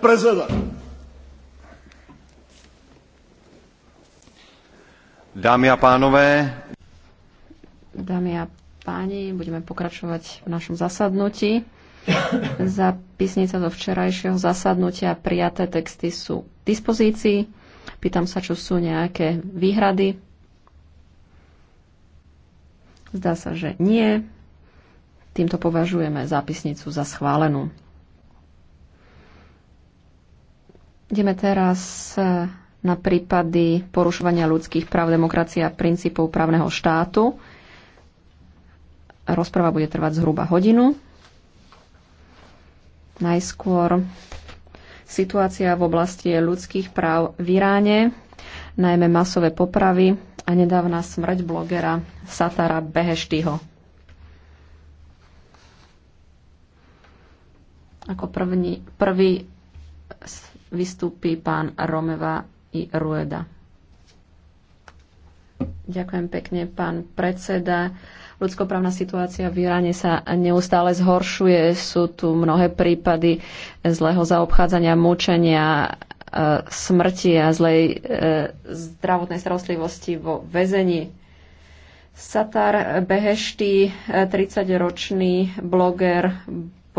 prezident. Dámy a pánové. Dámy a páni, budeme pokračovať v našom zasadnutí. Zapisnica zo včerajšieho zasadnutia prijaté texty sú k dispozícii. Pýtam sa, čo sú nejaké výhrady. Zdá sa, že nie. Týmto považujeme zápisnicu za schválenú. Ideme teraz e, na prípady porušovania ľudských práv, demokracie a princípov právneho štátu. Rozprava bude trvať zhruba hodinu. Najskôr situácia v oblasti ľudských práv v Iráne, najmä masové popravy a nedávna smrť blogera Satara Beheštyho. Ako první, prvý vystúpi pán Romeva i Rueda. Ďakujem pekne, pán predseda. Ľudskoprávna situácia v Iráne sa neustále zhoršuje. Sú tu mnohé prípady zlého zaobchádzania, mučenia, e, smrti a zlej e, zdravotnej starostlivosti vo väzení. Satar Behešti, 30-ročný e, bloger,